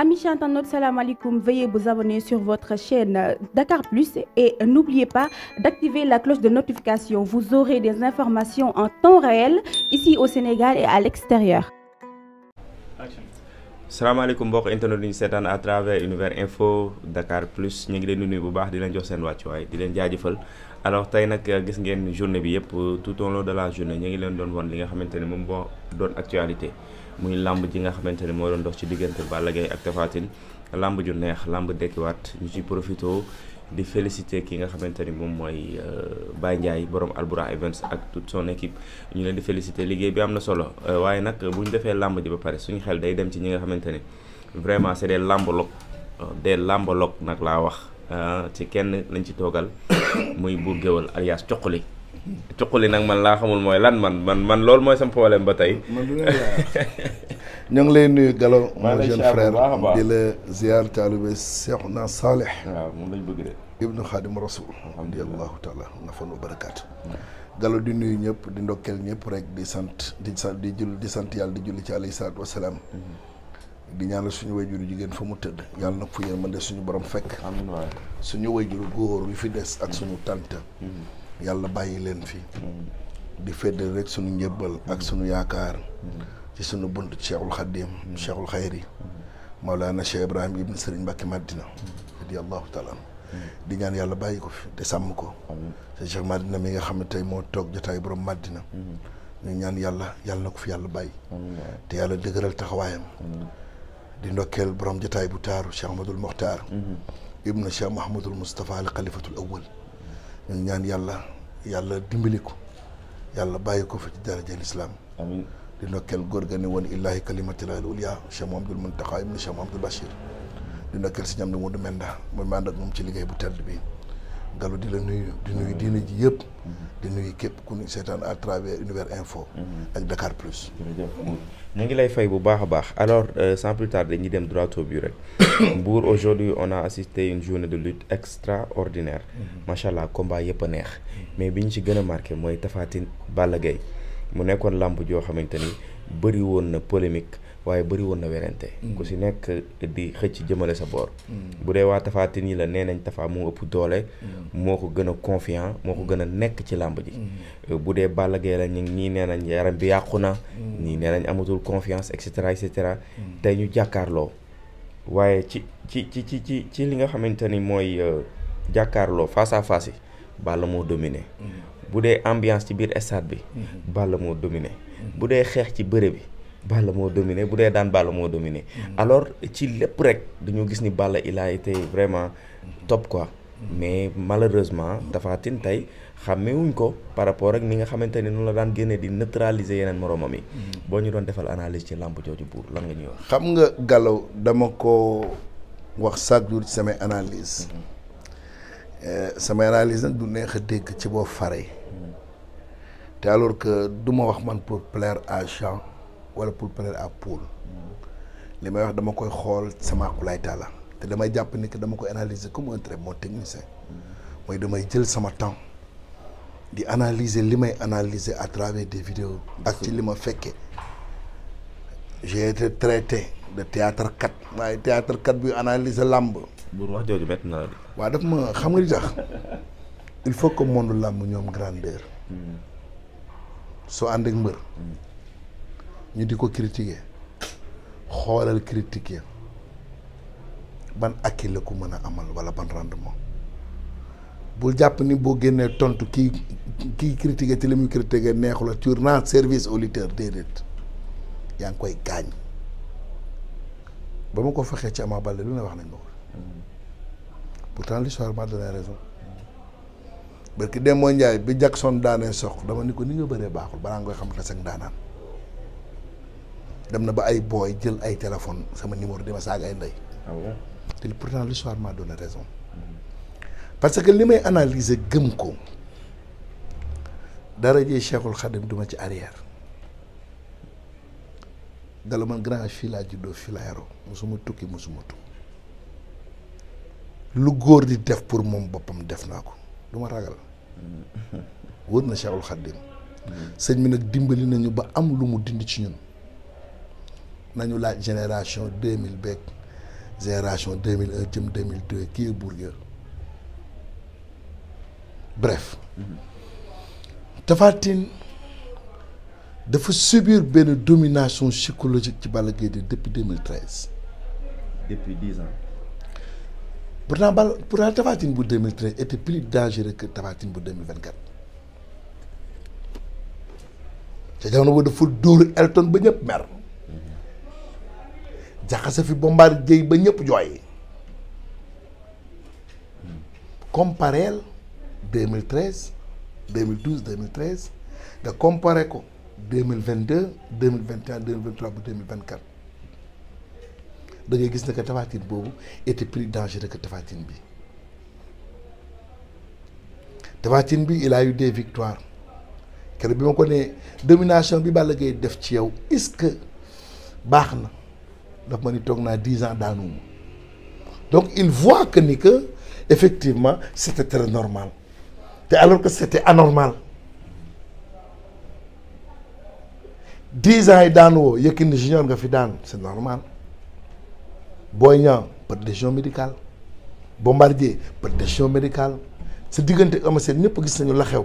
Amis chers internautes, salam alaikum. Veuillez vous abonner sur votre chaîne Dakar Plus et n'oubliez pas d'activer la cloche de notification. Vous aurez des informations en temps réel ici au Sénégal et à l'extérieur. salaamaaleykum mbokk internet yi ñu seetaan à travers univers info Dakar Plus ñu ngi leen di nuyu bu baax di leen jox seen wàcc wàccuwaay di leen jaajëfal alors tey nag euh, gis ngeen journée bi yëpp euh, tout au de la journée ñu ngi leen doon won li nga xamante ne moom moo doon actualité. muy làmb ji nga xamante ni moo doon dox ci diggante Balla Gaye ak Tapha Tine làmb ju neex làmb dekkiwaat ñu ci profité di félicité ki nga xamante ni moom mooy euh, Baye Ndiaye borom Albourakh Events ak toute son équipe ñu leen di félicité liggéey bi am na solo euh, waaye nag bu ñu defee làmb ji ba pare suñu xel day dem ci ñi nga xamante ni vraiment c'est des lambologues euh, des lambologues nag laa wax ci kenn lañ ci toogal muy buur géwal alias Coquli cuqali nag man laa xamul mooy lan man man man loolu mooy sama problème ba tey. man ñoo ngi lay nuyu Gallo. mon jeune frère di la ziar taalibe Seexuna Saalix. waaw moom lañ bëgg de. Ibnu Xaadim Rasul. alhamdulilah taala nafan wa barakaatu. Gallo di nuyu ñëpp di ndokkeel ñëpp rek di sant di sant di jul di sant yàlla di julli ci alayhi salaatu wa salaam. Mm-hmm. di ñaanal suñu wayjuru jigéen fa mu tëdd yàlla nag fu yéen mën de suñu borom fekk. amiin waay suñu wayjuru góor wi fi des ak suñu tante. Mm-hmm. yàlla bàyyi leen fi di feddal rek sunu njëbbal ak sunu yaakaar ci sunu bunt cheikhul xaddim cheikhul xayri maulana cheikh ibrahim ibn sëriñ mbàkki madina radiyallahu taala di ñaan yàlla bàyyi ko fi te sàmm ko te cheikh madina mi nga xam ne tey moo toog jotaay borom madina ñu ñaan yàlla yàlla na ko fi yàlla bàyyi te yàlla dëgëral taxawaayam di ndokkeel borom jotaay bu taaru cheikh ahmadul moxtaar ibnu cheikh mahamadul moustapha al xalifatul awal ñu ñaan yàlla yàlla dimbali ko yàlla bàyyi ko fi ci daraja lislaam amiin di ndokkeel góor ga ne woon illaahi kalimatillahil ulya Cheikh Mouhamadoul Mountakha ibn Cheikh Mouhamadoul Bachir di ndokkeel si ñam ne Modou Menda mooy ànd ak moom ci liggéey bu tedd bii Gallo di la nuyu di nuyu diina ji yëpp di nuyu képp ku ñu seetaan à travers Univers Info ak Dakar Plus ñu ngi lay fay bu baax a baax alors euh, sans plus dem droit au but rek Mbour aujourd'hui on a assisté une journée de lutte extraordinaire mhm. macha allah combat yëpp a neex mais bi ñu ci gën a marqué mooy Tapha Tine Balla mu nekkoon làmp joo xamante ni bëri woon na polémique waaye bëri woon na werante mm. ku si nekk di xëcc jëmale sa boor mm. bu dee waa Tapha Tine yi la nee nañ Tapha moo ëpp doole mm. moo ko gën a confiant moo ko gën a nekk ci làmb ji euh, bu dee bàll Gaye la ñu ñii nee nañ yaram bi yàqu na ñii nee nañ amatul confiance et cetera et ñu jàkkaarloo waaye ci ci ci ci ci ci li nga xamante ni mooy euh, jàkkaarloo face à face moo dominé bu dee ambiance ci biir stade bi mm-hmm. Balla moo domine mm-hmm. bu dee xeex ci bëre bi Balla moo dominé bu dee daan Balla moo dominé. Mm. alors ci lépp rek dañoo gis ni Balla il a été vraiment top ko mm. mais malheureusement Tapha Tine tey xàmmewuñ ko par rapport ak ni nga xamante ni noonu la daan génne di neutraliser yeneen moromam yi. Mm. boo ñu doon defal analyse ci làmb jooju buur lan nga ñuy wax. xam nga Gallo dama ko wax chaque jour ci samay analyse mm-hmm. eh, samay analyse nag du neex a dégg ci boo fare te alors que du ma wax man pour plaire à Jean. wala pour plaire à Paul li may wax dama koy xool sama akulaay taala te damay jàpp ni que dama koy analyser comme un très bon mooy damay jël sama temps di analyser li may analyser à travers des vidéos ak ci li ma fekkee j'ai traité de théâtre kat waaye théâtre kat buy analyser làmb bu wax jooju bett na la de daf ma xam nga li sax il faut que monde làmb ñoom grandeur hmm. soo ànd ak mbër hmm. ñu di ko critiquer xoolal critiquer ban ak akki la ko mën a amal wala ban rendement bul jàpp ni boo génnee tontu kii kii critiquer te li muy critiquer neexu la tu service au lutteur déedéet yaa ngi koy gaañ ba ma ko fexee ci Ama Baldé lu ne wax nañ ma ko pourtant l'histoire m'a donné raison barki Demba Ndiaye bi Jackson daanee sox dama ni ko ni nga bëree baaxul balaa nga koy xam la sax daanaan. dem na ba ay booy jël ay téléphone sama numéro di ma saaga ay ndey. Ah te pourtant l'histoire m'a donné raison. parce que li may analise gëm ko dara ji Cheikhul Khadim duma ci arrière dala man grand fii laa juddoo fii laa yaroo mosuma tukki tukki lu góor di def pour moom boppam def naa ko du ma ragal mm-hmm. wër na Cheikhul Khadim mm-hmm. sëñ bi nag dimbali nañu ba am lu mu dindi ci ñun. nañu laaj génération deux mille beeg génération deux mille un jëm deux mille deux kii Bourdieu bref Tapha Tine dafa subir benn domination psychologique ci Balla Gaye 2 depuis 2013. depuis dix ans. pourtant Balla pour Tapha Tine bu 2013 était plus dangereux que Tapha Tine bu 2024. te jamono boobu dafa dóor Elton ba ñëpp mer. jaxase fi Bombardier ba ñëpp jooy compareel 2013 2012 2013 nga comparé ko 2022 2021 2023 ba 2024 da ngay gis ne que boobu était plus dangereux que Tapha Tine bi Tapha bi il a eu des victoires bi ma ko nee domination bi Balla Gaye def ci yow est-ce que baax na. daf ma ni toog naa dix ans daanuma donc il voit que ni que effectivement c'était très normal te alors que c'était anormal dix ans yi daan woo Yékini junior nga fi daan c'est normal Boy Niang par médical médicale Bombardier par décision médicale sa diggante Eumeu Sène ñëpp gis nañu la xew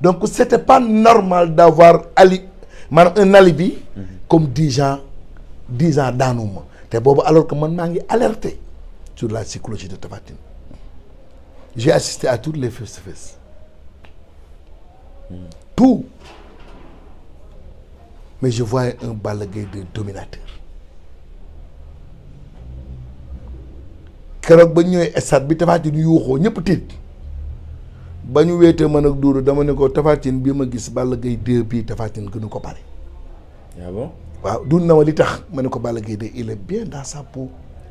donc c'était pas normal d'avoir ali maanaam un alibi. Mm-hmm. comme dix ans dix ans daanuma te boobu alors que man maa ngi alerté sur la psychologie de Tapha Tine j'ai à toutes les face-à-face hmm. tout mais je voyais un Balla Gaye de dominateur keroog ba ñëwee stade bi Tapha Tine yuuxoo ñëpp tiit ba ñu weetee man ak Doudou dama ne ko Tapha bi ma gis Balla Gaye 2 bii Tapha gënu ko pare. Ah waaw du na ma li tax ma ne ko Balla Gaye de il est bien dans sa peau.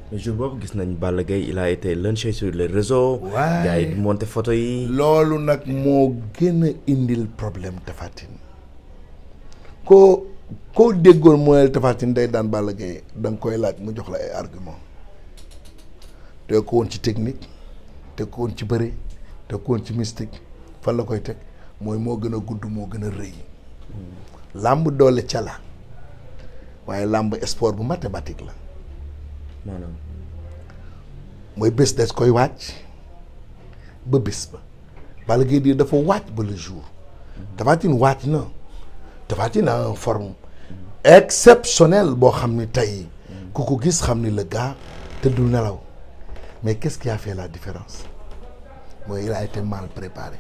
mais boobu gis nañ Balla Gaye il a été lynché sur les réseaux. waay gars yi photo yi. loolu nag moo gën a indil problème Tapha Tine koo koo déggoon mooy Tapha day daan Balla Gaye da koy laaj mu jox la ay argument te ko woon ci technique te ko woon ci bëre te ko woon ci mystique fan la koy teg mooy moo gën a gudd moo gën a rëy mm. làmb doole cala waaye làmb sport bu mathématique la maanaam mooy bés des koy wàcc ba bés ba Balla Gaye di dafa wàcc ba le jour Tapha Tine wàcc na Tapha Tine a une forme exceptionnelle boo xam ni tey ku ko gis xam ni le gars tëddul nelaw mais qu'est-ce qui a fait la différence mooy il a été mal préparé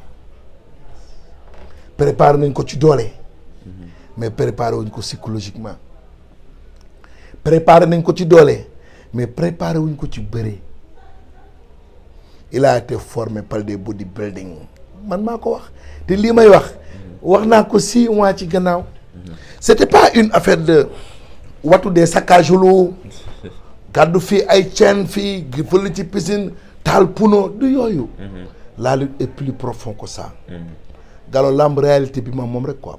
préparé nañ ko ci doole mm-hmm. mais préparé wuñ ko psychologiquement préparé nañ ko ci doole mais préparé wuñ ko ci bëre il a été formé par des bodybuilding man maa ko wax te lii may wax wax naa ko six mois ci gannaaw c'était pas une affaire de watu des saccagelo kàddu fii ay chaîne fi fële ci piscine taal puno du yooyu mm-hmm. la lutte plus profond que galo lamb réalité bi ma moom rek quoi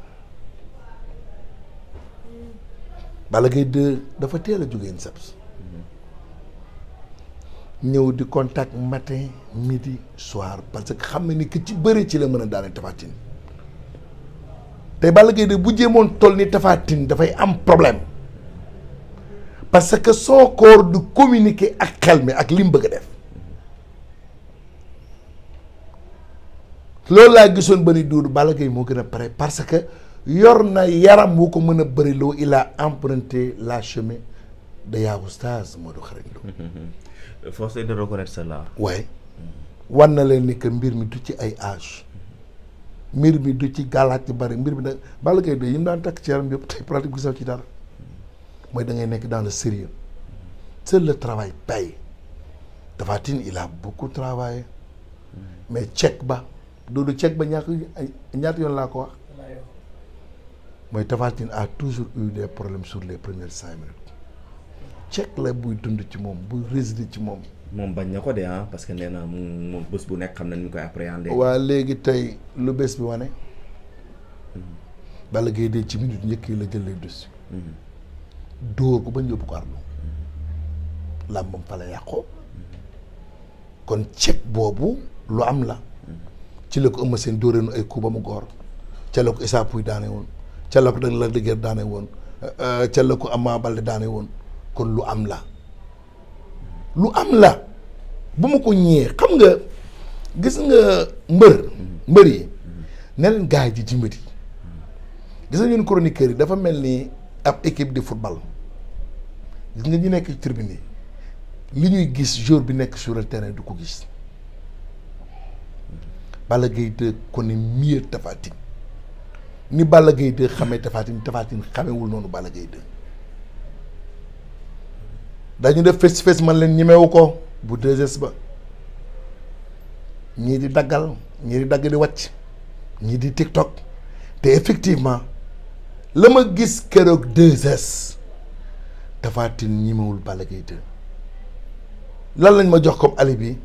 Balla Gaye 2 dafa teel a jóge INSEPS ñëw di contact matin midi soir parce que xam na ni ki ci bëri ci la mën a daane tafatin te Balla Gaye bu jéemoon toll ni tafaatin dafay am problème parce que soo corps du communiquer ak xel mi ak li bëgg a def loolu laa gisoon ba ni Doudou Balla moo gën a pare parce que yor na yaram wu ko mën a bëriloo il a emprunté la chemin de yaa oustaz Modou Xarañ Lo waaye wan na leen ni que mbir mi du ci ay âge mbir mi du ci gàllaat yu bari mbir mi nag Balla Gaye de yi mu daan takk ci yaram yëpp tey pratique gisaw ci dara mooy da ngay nekk dans le sérieux seul le travail paye Tapha Tine il a beaucoup mhm. mais cek ba doodu cek ba ñaak ñaata yoon laa ko wax mooy Tapha Tine a toujours eu des problèmes sur les premières cinq minutes ceeb buy dund ci moom buy résider ci moom. moom bañ na ko de ah parce que nee naa moom bés bu nekk xam na ñu koy appréhender. waa léegi tey lu bés bi wane. Balla Gaye dee ci minute njëkk la jël lay dus. dóor ko ba yóbbu ko ardo làmbam fa la yàqoo. kon ceeb boobu lu am la. ci la ko ëmb seen dóoreenu ay coup ba mu góor ca la ko Issa Pouye daane woon. ca la la dëgër daane woon eh, ca la ko Ama Baldé daane woon kon lu am la lu am la bu ma ko ñëwee xam nga gis nga mbër mbër yi ne leen gars yi di dimbali gis nga ñun chroniqueurs yi dafa mel ni ab de football gis nga ñu nekk ci tribune yi li ñuy gis jour bi nekk sur le terrain du ko gis Balla Gaye 2 connaît mieux Tapha Tine ni Balla Gaye 2 xamee Tapha Tine xamewul noonu Balla Gaye 2 dañu def face face man leen ñemewu ko bu 2S ba ñii di daggal ñii di dagg di wàcc ñii di TikTok te effectivement la ma gis keroog 2S Tapha ñemewul Balla Gaye 2 lan lañ ma jox comme alibi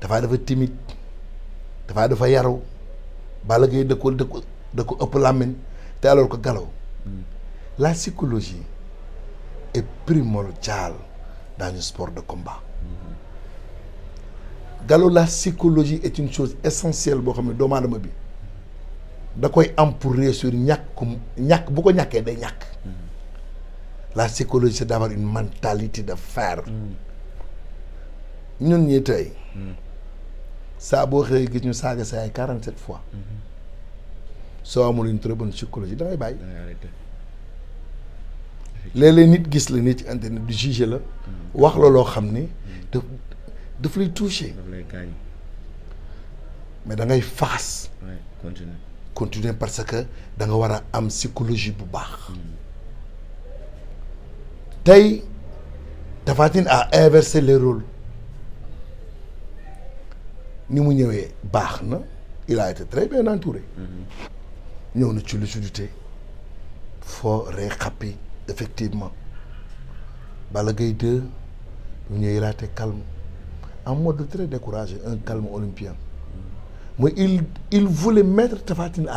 dafaa dafa timide Tapha dafa yaru Balla Gaye dëkkul dëkkul. da ko ëpp làmmiñ te alors que Galaw mm. la psychologie est primordiale dans le sport de combat mm-hmm. Galaw la psychologie est une chose essentielle boo xam ne doomu aadama bi da koy am pour réussir ñàkk ñàkk bu ko ñàkkee day ñàkk mm-hmm. la psychologie c'est d'avoir une mentalité de fer mm. ñun ñi tey mm. saa boo xëyee gis ñu saaga say ay quarante-sept fois mm-hmm. soo amul une très bonne psychologie da ngay bàyyi. léeg-léeg nit gis la nit ci internet du jugé la. Hmm. wax la loo xam ni. Hmm. daf daf lay touché. daf lay mais da ngay faxas. continuer parce que danga war a am psychologie bu baax. Hmm. tey Tapha Tine a inversé les rôles ni mu ñëwee baax na il a été très bien entouré. Mmh. ñëw na ci lu lucidité foo ree xappi effectivement bala Gaye 2 bu ñuy raté calme en mode très découragé un calme olympien mooy il il voulait mettre Tapha Tine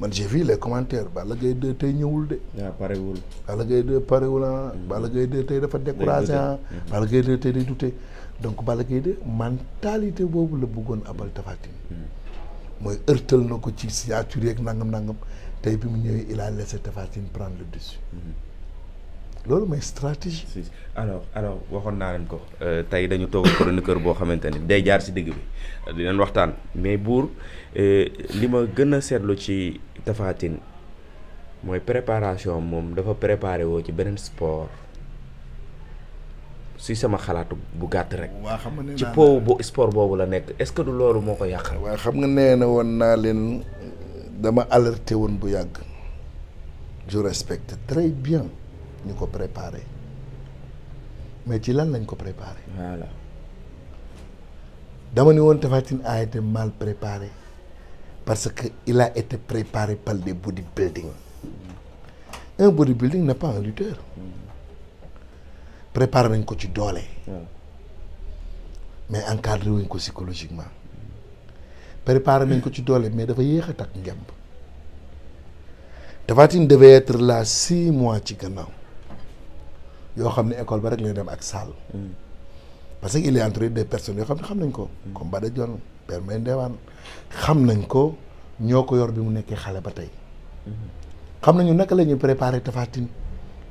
man j'ai vu les commentaires Balla Gaye 2 tey ñëwul de. waaw ah, parewul. Balla parewul ah. Balla Gaye 2 tey dafa découragé ah. Balla Gaye 2 tey day douté. donc Balla Gaye de mentalité boobu la bëggoon abal Tapha mooy ërtal na ko ci signature yeeg nangam-nangam tey bi mu ñëwee il a laissé Tapha Tine mm-hmm. loolu mooy stratégie. alors alors waxoon naa leen ko euh, tey dañu toog kër boo xamante ni day jaar si digg bi dinañ waxtaan mais buur euh, li ma gën a seetlu ci Tapha mooy préparation moom dafa préparé woo ci beneen sport. si sama xalaatu bu gàtt rek. waa xam nga ci po bu sport boobu la nekk est-ce que du loolu moo ko yàq. waaw xam nga nee na woon naa leen dama alerté woon bu yàgg. je respecte très bien ñu ko préparé mais ci lan lañ ko préparé. voilà dama ne woon Tapha Tine a été mal préparé parce que il a été préparé par des bodybuilding un bodybuilding n'est pas un lutteur. préparer nañ ko ci doole. mais encadré wuñ ko psychologiquement. préparé nañ ko ci doole mais dafa yéex a takk ngemb. Tapha Tine devait être là mois ci gannaaw yoo xam ne école ba rek lay dem ak salle. Mm. parce que il est entouré des personnes yoo xam ne xam nañ ko. Mm. comme Bada Dione Père Mbaye Ndewane xam nañ ko ñoo ko yor bi mu nekkee xale ba tey. Mm-hmm. xam nañu naka la ñuy préparé Tapha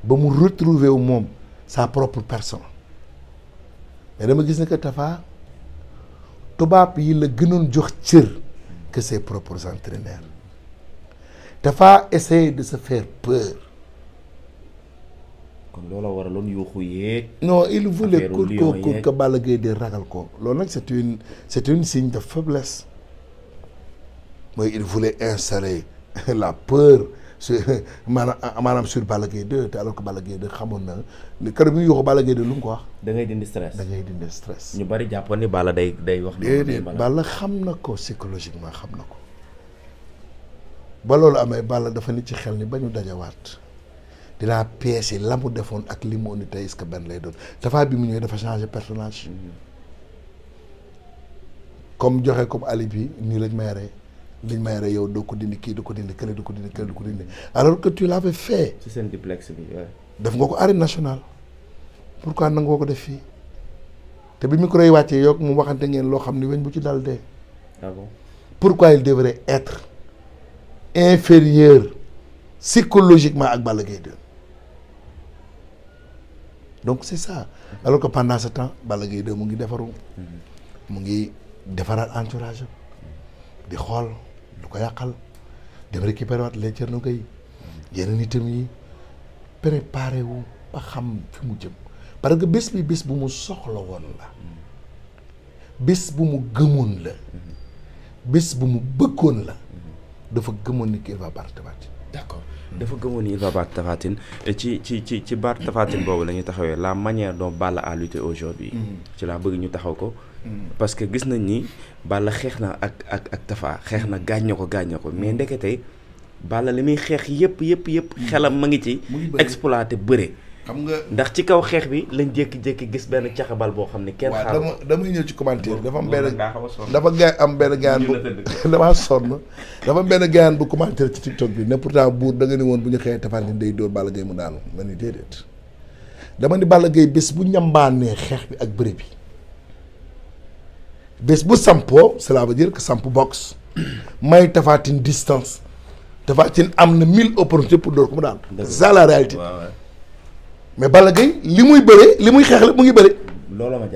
ba mu retrouver wu moom. sa propre personne mais dama gis ne que Tapha tubaab yi la gënoon jox cër que ses propres entraîneurs Tapha de se faire peur. kon loolu yuuxu yeeg. non il voulait que que que Balla Gaye di ragal ko loolu nag c'est une c'est une signe de faiblesse mooy il voulait installer la peur. su maanaam maanaam sur bala Gaye 2 te alors que Balla Gaye 2 xamoon na li kër bi ñu yóbbu Balla lu mu ko wax. dangay ngay dindi stress da ngay dindi stress. ñu bari jàppoon ni Balla day day wax. déedéet Balla xam na ko psychologiquement xam na ko ba loolu amee Balla dafa nit ci xel ni ba ñu dajawaat dinaa peese la mu defoon ak li mu indi tey est-ce que benn lay doon dafa bi mu ñëwee dafa changé personnage mm-hmm. comme joxe comme alibi nii lañ may rey liñ may rey yow doo ko dindi kii du ko dindi kële du ko dindi kële du ko dindi alors que tu l'avais fait. ci seen duplex bi waaw. nga ko arène nationale pourquoi nangoo ko def fii te bi micro yi wàccee yow mu waxante ngeen loo xam ne weñ bu ci dal dee. ah bon pourquoi il devrait être inférieur psychologiquement ak Balla Gaye 2 donc c'est ça alors que pendant temps Balla Gaye 2 mu ngi defaru mhm. mu ngi defaraat entourage di xool. ko yàqal dem récupéré waat leen Thierno Gueye yeneen itam yi préparé wu ba xam fi mu jëm parce que bés bi bés bu mu soxla woon la bés bu mu gëmoon la bés bu mu bëggoon la dafa gëmoon ni kii va baar Tapha Tine d'accord dafa gëmoon ni il va battre Tapha ci ci ci ci battre Tapha boobu la ñu taxawee la manière dont Balla a lutté aujourd'hui mm-hmm. ci laa bëgg ñu taxaw ko parce que gis nañ ni Balla xeex na ak ak ak Tafa xeex na gaañ na ko gaañ na ko mm. mais tey Balla li muy xeex yëpp yëpp yëpp mm. xelam ma ngi ci exploité bëre xam nga ndax ci kaw xeex bi lañ jékki-jékki gis benn caxabal boo xam ne kenn xaar dama damay ñëw ci commentaire dafa am benn dafa ga am benn gaan bu damaa sonn dafa am benn gaan bu commentaire ci TikTok bi ne pourtant buur danga nga woon bu ñu xëyee Tapha Tine day dóor Balla Gaye mu daanu ma ni déedéet dama ni Balla Gaye bés bu ñambaanee xeex bi ak bëre bi bés bu sampoo cela veut dire que samp box may tafaatin distance tafaatin am na mille opportunités pour door ko mu daan c'est ça réalité mais bala Gaye li muy bëree li muy xeex la mu ngi bëri loolu ma moo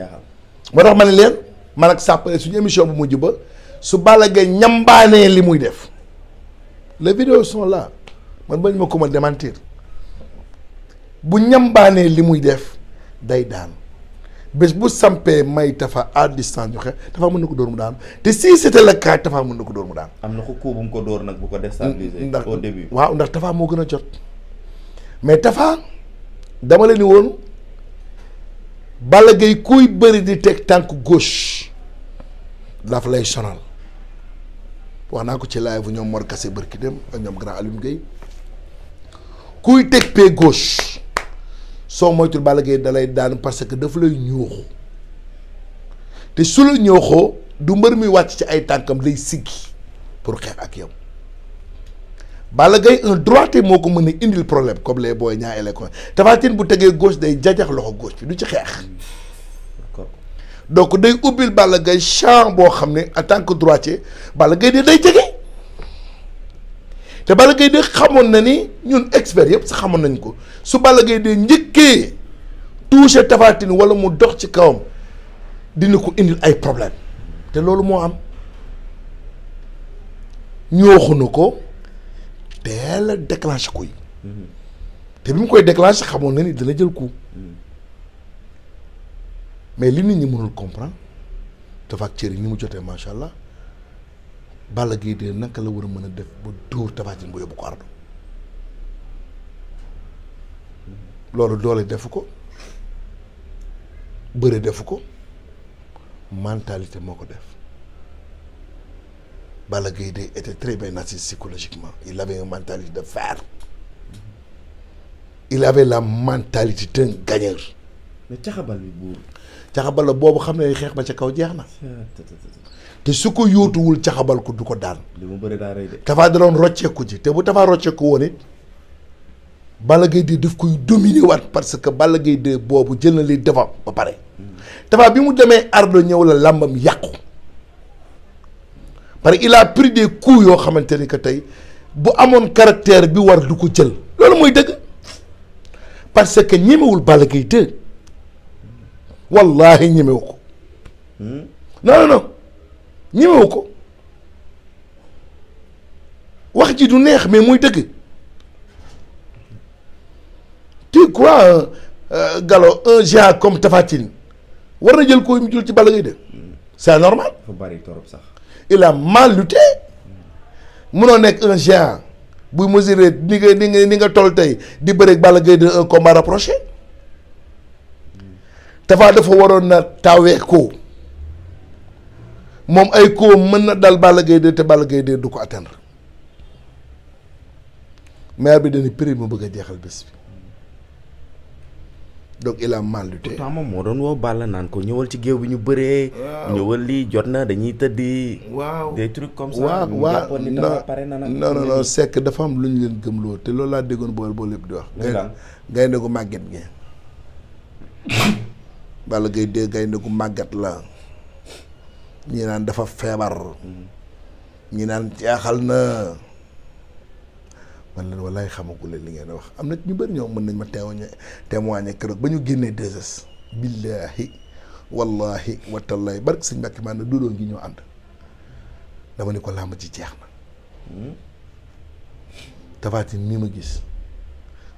tax ma ne leen man ak sàppale suñu émission bu mujj ba su bala Gaye ñambaanee li muy def les vidéos sont là man bañ ma ko ma démentir bu ñambaanee li muy def day daan bés bu sampee may Tafa à distance ñu xeex Tafa mën na ko dóor mu daan te si c'était le cas Tafa mën na ko dóor mu daan. na ko coup ko dóor nag bu ko déstabiliser. ndax au début waaw ndax Tafa moo gën a jot mais Tafa dama leen ni woon Balla kuy bëri di teg tànk gauche daf lay sonal wax naa ko ci live ñoom Mor Kassé barki dem ak ñoom grand Alioune Guèye kuy teg pied gauche. soo moytul Balla Gaye dalay daan parce que daf lay ñooxu te su la ñooxoo du mbër mi wàcc ci ay tànkam day siggi pour xeex ak yow Balla Gaye un droitier moo ko mën a indil problème comme les booy ñaa ele ko Tapha Tine bu tegee gauche day jajax loxo gauche bi du ci xeex donc day ubbil Balla Gaye champ boo xam ne en tant que droitier Balla Gaye day jege te Balla Gaye de xamoon na ni ñun expert yëpp sa xamoon nañ ko su Balla Gaye de njëkkee touché Tapha Tine wala mu dox ci kawam dina ko indil ay problème te loolu moo am ñooxuñu ko teel a déclenché ko yi mm-hmm. te bi mu koy déclenché xamoon na ni dina jël ko mm-hmm. mais li nit ñi mënul comprendre dafa ak cër yi ni mu jotee macha allah. Balla Gaye de naka la war a mën a def bu dóor Tapha Tine bu yóbbu ko ardo loolu doole defu ko bëre defu ko mentalité moo ko def Balla Gaye de était très bien assis psychologiquement il avait une mentalité de fer il avait la mentalité d'un gagneur mais caxabal bi bu caxabal la boobu xam ne xeex ma ca kaw jeex na. te su ko yóotuwul caxabal ko du ko daal li mu bëri daa rey de. Tapha rocceeku ji te bu Tapha rocceeku woon it Balla Gaye 2 daf koy dominer waat parce que Balla Gaye boobu jël na lii devant ba pare. Tapha bi mu demee Ardo ñëw la làmbam yàqu. parce que il a pris des coups yoo xamante ni que tey bu amoon caractère bi war du ko jël. loolu mooy dëgg parce que ñemewul Balla Gaye wallahi ñemewu ko hmm? non non non ko wax ji du neex mais muy dëgg tu crois euh, euh, galo un géant comme tafatin war na jël ko mu jël ci Balla Gaye de hmm. c'est normal bari sax il a mal lutté munoo nekk un géant buy mesurer ni nga ni nga ni nga toll tey di bëreeg Balla Gaye de un combat rapproché Tapha dafa waroon na tawee ko moom ay ko mën na dal Balla Gaye 2 te Balla Gaye 2 du ko atteindre maire bi dañu prix mu bëgg a jeexal bés bi donc il mal lutté. pourtant moom moo doon woo Balla naan ko ñëwal ci géew bi ñu bëree. ñëwal lii jot na dañuy tëddi. waaw des trucs comme ça. waaw waaw non non non Seck dafa am lu ñu leen gëmloo te loolu laa déggoon bool bool lépp di wax. ngay ne ko màgget gi. Balla Gaye dee gaynde gu màggat la ñi naan dafa feebar ñi naan jaaxal na man leen walaay xamagu leen li ngeen wax am na ñu bëri ñoom mën nañ ma témoigner témoigner keroog ba ñu génnee deux heures billaahi wallaahi watallaahi barke sëñ Mbàkke maa ne duudoo ngi ñoo ànd dama ni ko làmb ci jeex na tafaati mii ma gis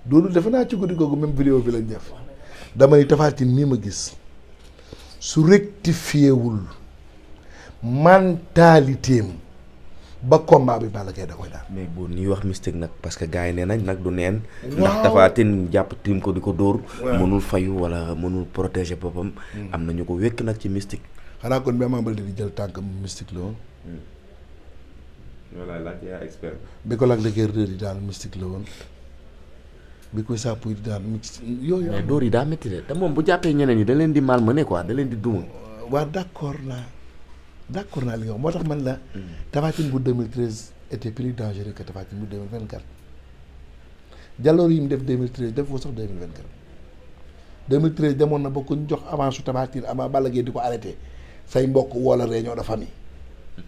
doodu defe naa ci guddi googu même vidéo bi lañ def dama ni Tapha ma gis su rectifié wul mentalité am ba combat bi Balla Gaye da daal. mais bu wax mystique nag parce que gars yi nee nag du neen. ndax Tapha jàpp tiim ko di ko dóor. mënul fayu wala mënul protéger boppam. Hmm. am na ñu ko wékk nag ci mystique. xanaa kon bi Ama Baldé di jël tànkam mystique la woon. voilà hmm. la woon. bi koy saa puy daan mi yooyu. mais dóor yi daa métti de te moom bu jàppee ñeneen ñi da leen di malmené quoi da leen di duma. Euh, waaw d' accord naa d' naa li nga wax moo tax man la. Hmm. Tapha Tine bu 2013 était plus dangereux que Tapha Tine bu 2024. jaloor yi mu def 2013 def ko sax 2024 2013 demoon na ba ku ñu jox avance su Tapha Tine avant Balla Gaye di ko arrêté say mbokk woo la réunion de famille. Hmm.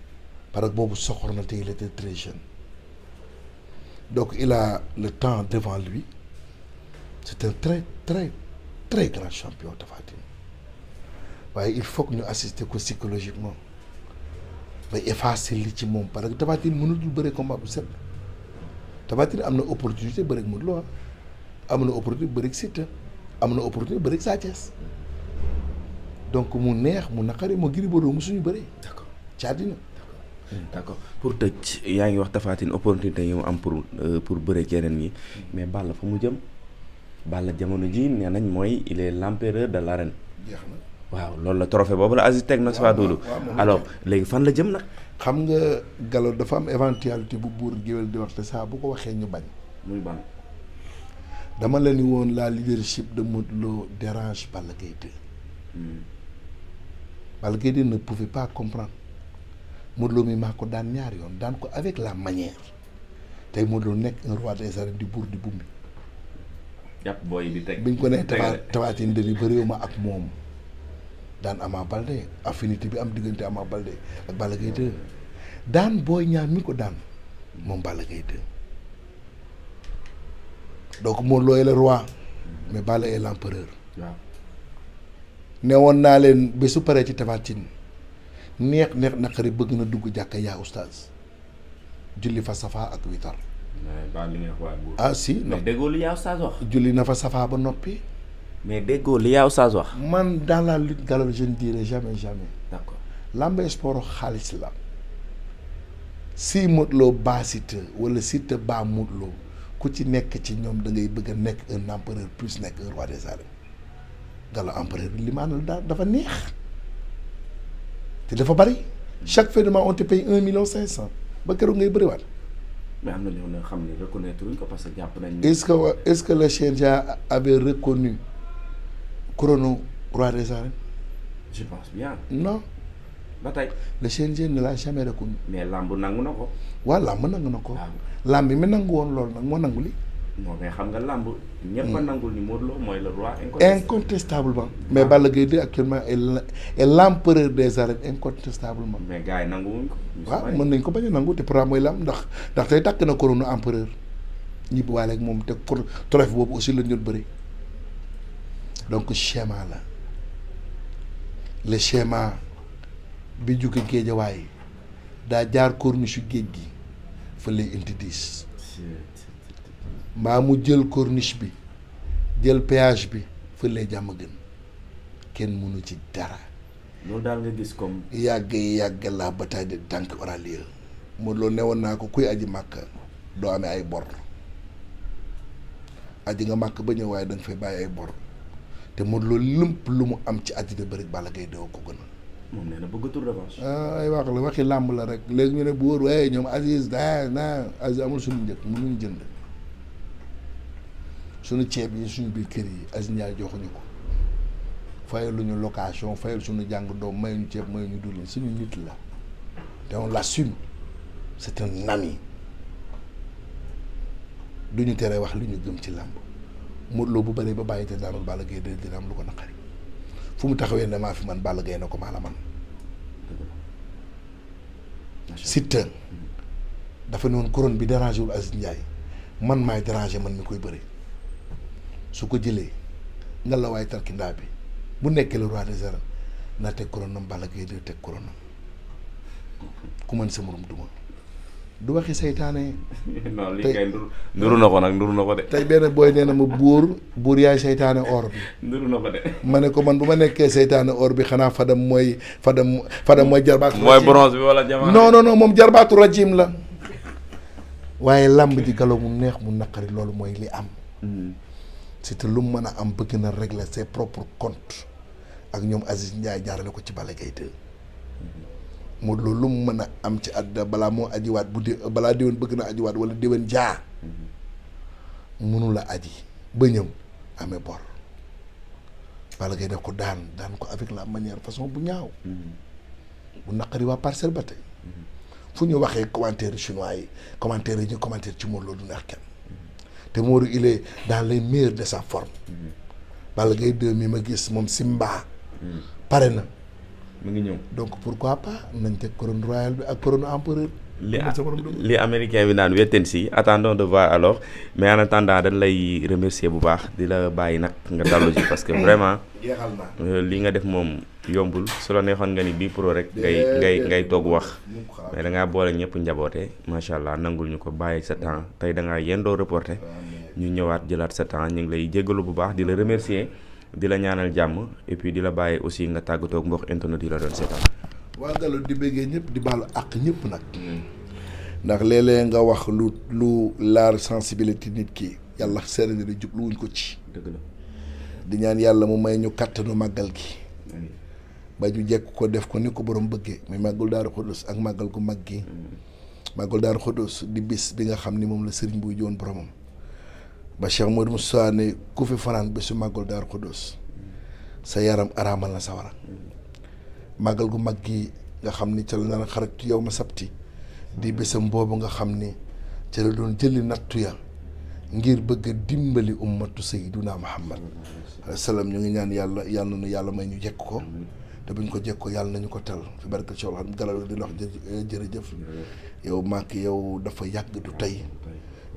parce que boobu soxor na te il était très jeune donc il a le temps devant lui. c'est un très très très grand champion Tapha waaye il faut que ñu assister ko psychologiquement ba effacer li ci moom parce que Tapha Tine mënutul bëre combat bu set Tapha am na opportunité bëre ak Lo am na opportunité bëre ak Siteu am na opportunité bëre ak donc mu neex mu naqari moo Gris Bordeaux suñu bëree. d'accord ci àddina. d'accord pour tëj yaa ngi wax Tapha Tine opportunité yi mu am pour euh, pour bëre yeneen ñi mais Balla fa mu jëm. Balla jamono ji nee nañ mooy il est l'empereur de l'arène waaw loolu la trophée boobu la Aziz teg na si Doudou alors léegi fan la jëm nag xam nga galo dafa am éventualité bu buur géwel di wax te saa bu ko waxee ñu bañ muy ban dama la ni woon la leadership de Modou Lo dérange Balla Gaye 2 hmm. Balla Gaye 2 ne pouvait pas comprendre Modou mi maa ko daan ñaar yoon daan ko avec la manière tey Modou Lo nekk un roi des arènes di buur di bumbi jàpp booy di biñ ko nee tafa tafaatin dëri bëriwu ma ak moom daan Ama Baldé affinité bi am diggante Ama Baldé ak Balla Gaye 2 daan booy ñaar mi ko daan moom Balla Gaye 2 donc Modou Lo est le roi mais Balla est l'empereur waaw naa leen ba su paree ci tafatin neex neex naqari bëgg na dugg jàkka yaa oustaz julli fa safa ak witar ah si mais déggoo li yaaw saas wax julli na fa safaa ba noppi mais déggoo li yaaw saas wax man dans la lutte galop je ne dirai jamais jamais d'accord làmba sport xaalis la si Modou Lo baa Siteu wala Siteu baa Modou ku ci nekk ci ñoom da ngay bëgg a nekk un empereur plus nekk un roi des arènes gala empereur bi li ma daal dafa neex te dafa bari chaque fois on te un million cinq cent ba keroog ngay bëriwaat mais am na ñoo na xam ne reconnaître ko parce que jàpp nañ. est-ce que est-ce que le CNGA avait roi des arènes. je pense bien. non. ba tey le CNG ne l'a jamais mais làmb nangu na ko. waaw làmb nangu na ko. Ah làmb mi nangu woon loolu nag moo nangu li moo mais xam nga làmb. ñëpp a hmm. nangul ni Modou Lo mooy le roi incontestable. incontestablement mais ah. Balla Gaye 2 actuellement est l'empereur des arènes incontestablement. mais gars yi nangu wuñ ko. waaw mën nañ ko bañ a nangu te pourtant mooy làmb ndax ndax tey tàkk na couronne empereur ñibbi waale ak moom te couronne trophée boobu aussi la ñu doon bëri donc schéma la le schéma bi jóge géejawaay daa jaar corniche géej gi fa lay indi diis. mbaa mu jël corniche bi jël péage bi fële jàmm gën kenn mënu ci dara. loolu daal nga gis comme. yàgg yàgg la bataille de Dank aura lieu Modou Lo newoon naa ko kuy aji màkk doo amee ay bor aji nga màkk ba ñëw waaye da nga fay bàyyi ay bor te Modou Lo lépp lu mu am ci àddina bëri Balla Gaye doo ko gën a. moom nee na bëggatul revanche. Ah, ay wax la waxi làmb la rek léegi ñu ne bu wóor waaye ñoom Aziz naa naa Aziz amul suñu njëkk mënuñ jënd. suñu ceeb yi suñu biir kër yi Aziz Ndiaye joxuñu ko luñu location fayal suñu jàng doom mayuñu ceeb mayuñu dul suñu nit la te on l'assume c'est un ami duñu tere wax li ñu gëm ci làmb Modou Lo bu bëree ba bàyyi te daanul Balla Gaye de dina am lu ko naqari fu mu taxawee ne maa fi man Balla Gaye na ko maa la man Siteu dafa ne woon couronne bi dérangé wul Aziz man maay dérangé man mi koy bëri su ko jëlee nga la waay tarkindaa bi bu nekkee le roi des arènes naa teg koronam Balla Gaye ku mën sa morom duma du waxi saytaane. tey benn booy nee na ma buur buur yaay saytaane or bi. nduru na ko de. ma ne ko man bu ma nekkee saytaane or bi xanaa Fadam mooy Fadam Fadam mooy. jarbaatu mooy bronze bi wala jamono. non moom jarbaatu rajim la. waaye làmb ji galo mu neex mu naqari loolu mooy li am. Mm. Siteu lu mu mën a am bëgg na régler ses propres comptes ak ñoom Aziz Ndiaye jaarale ko ci Balla Gaye 2 Modou mu mën a am ci àdduna balaa moo ajiwaat bu dee balaa déwén bëgg na ajiwaat wala déwén jaa mënula aji ba ñëw amee bor Balla Gaye def ko daan daan ko avec la manière façon bu ñaaw bu naqari waa parcelle ba tey mm-hmm. fu ñu waxee commentaire chinois yi commentaire yi ñu commentaire ci Modou Lo du neex kenn te Modou il est dans les meilleurs de sa forme. Balla Gaye mi ma gis moom si Simba. pare na. mu ngi ñëw donc pourquoi pas nañ teg couronne royale bi ak couronne empereur. li li américain bi naan wetten si attendons de voir alors mais en attendant dañ lay remercier bu baax di la bàyyi nag nga dallu ji parce que vraiment. jeexal euh, li nga def moom. yombul su la neexoon nga ni bii pour rek ngay ngay ngay toog wax mais da ngaa boole ñëpp njaboote macha allah nangul ñu ko bàyyi sa temps tey da ngaa yendoo reporté ñu ñëwaat jëlaat sa temps ñu ngi lay jéggalu bu baax di la remercier di la ñaanal jàmm et di la bàyyi aussi nga tàggatoo ak mbokk internet la doon seetaan. di bëggee ñëpp di baalu àq ñëpp nag. Mm. ndax nga wax lu lu laar sensibilité nit ki yàlla seere ko ci. dëgg di ñaan yàlla mu may ñu kàttanu màggal gi. ba ñu jekk ko def ko ni ko borom bëggee muy màggul daaru xudus ak màggal gu mag gi màggul daar xudus di bis bi nga xam ni moom la sëriñ buy joon boromam ba Cheikh Modou Moussa ne ku fi fanaan bisu màggul daar xudus sa yaram araamal na sawara màggal gu mag gi nga xam ni ca la naan xaratu yow ma sabti di bésam boobu nga xam ni ca la doon jëli nattu ya ngir bëgg a dimbali ummatu sayyiduna Muhammad alayhi salaam ñu ngi ñaan yàlla yàlla na yàlla may ñu jekk ko te buñ ko jekkoo yàlla nañu ko tal fi barke ci xam galal di wax eh, jërëjëf yow màgg yow dafa yàgg du tey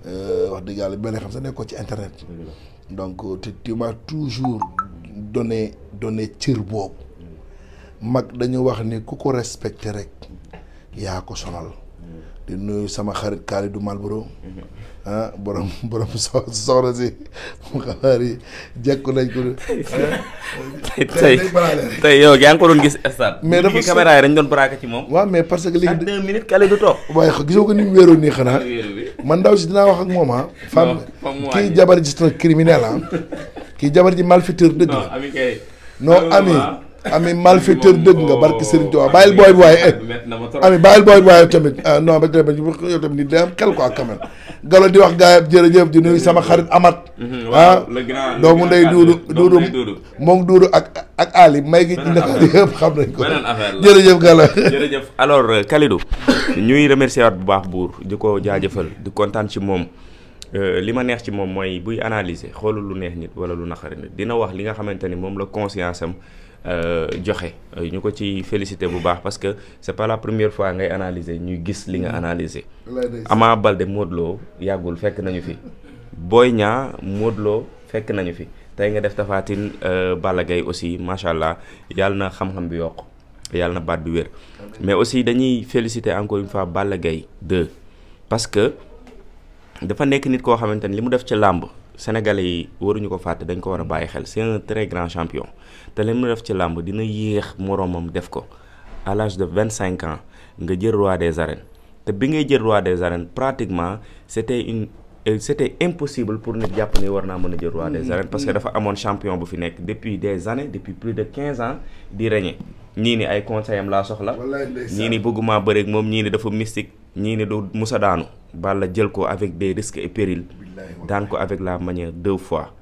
eh, wax dëgg yàlla benn xam sax nekkoo ci internet donc te tu m'as toujours donné donné cër boobu mag dañu wax ni ku ko respecté rek yaa ko sonal di sama xarit Khalidou Malboro ah borom borom soxna si mu xalaat yi jekku nañ ko. tey tey tey yow yaa ngi ko doon gis stade. mais dafa caméra dañ doon braqué ci moom. waaw mais parce que léegi. ak deux minutes Khalidou waaye gisoo ko ni mu nii xanaa. man ndaw si dinaa wax ak moom ah. femme kii jabar ji c'est un ah. kii jabar ji malfaiteur dëgg la. non ami malfaiteur dëgg nga barki Serigne Touba bàyyil booy bu waaye eh. ami bàyyil booy bu waaye tamit ah, non ba tey ba yow tamit nit day am xel quoi quand même galo di wax gaay jërëjëf di nuyu sama xarit Amath mhm, ah doomu ndey duudu duudu moom duudu ak ak Ali may gi ndakaar yëpp xam nañ ko jërëjëf galo jërëjëf alors euh, Kalidou ñuy remercier bu baax buur di ko jaajëfal di kontaan ci moom euh, li ma neex ci moom mooy buy analyser xoolul lu neex nit wala lu naqari nit dina wax li nga xamante ni moom la conscience am Euh, joxe euh, ñu ko ci félicité bu baax parce que c'est pas la première fois ngay analyser ñuy gis li nga analyser Ama Baldé Modou Lo yàggul fekk nañu fi booy ñaa Modou fekk nañu fi tey nga def Tapha Tine euh, Balla Gaye aussi macha allah yàlla na xam-xam bi yokk yàlla na baat bi wér mais aussi dañuy félicité encore une fois Balla Gaye 2 parce que dafa nekk nit koo xamante ni li mu def ci làmb sénégalais yi waruñu ko fàtte dañ ko war a bàyyi xel c'est un très grand champion te li mu def ci làmb dina yéex moroomam def ko à de vingt cinq ans nga jër roi des arènes te bi ngay jël roi des arènes pratiquement c'était une euh, c'était impossible pour nit jàpp ni war naa mën a jër roi des mm-hmm. arènes parce que mm-hmm. dafa amoon champion bu fi nekk depuis des années depuis plus de quinze ans di régner ñii ni ay conseil am laa soxla ñii ni bëgguma bëreek moom ñii ni dafa mystique ñii ni du musa daanu Balla jël ko avec des risques et périls daan ko avec la manière deux fois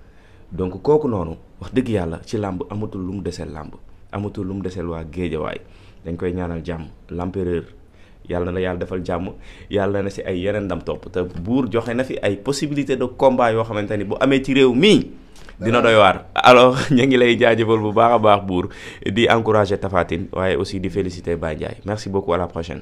donc kooku noonu wax dëgg yàlla ci làmb amatul lu mu deseel làmb amatul lu mu deseel waa géejawaay dañ koy ñaanal jàmm l'empereur yàlla na la yàlla defal jàmm yàlla na si ay yeneen dam topp te buur joxe na fi ay possibilité de combat yoo xamante ni bu amee ci réew mii dina doy waar alors ñu ngi lay jaajëfal bu baax a baax buur di encourager Tapha Tine waaye aussi di féliciter Baye Ndiaye merci beaucoup la prochaine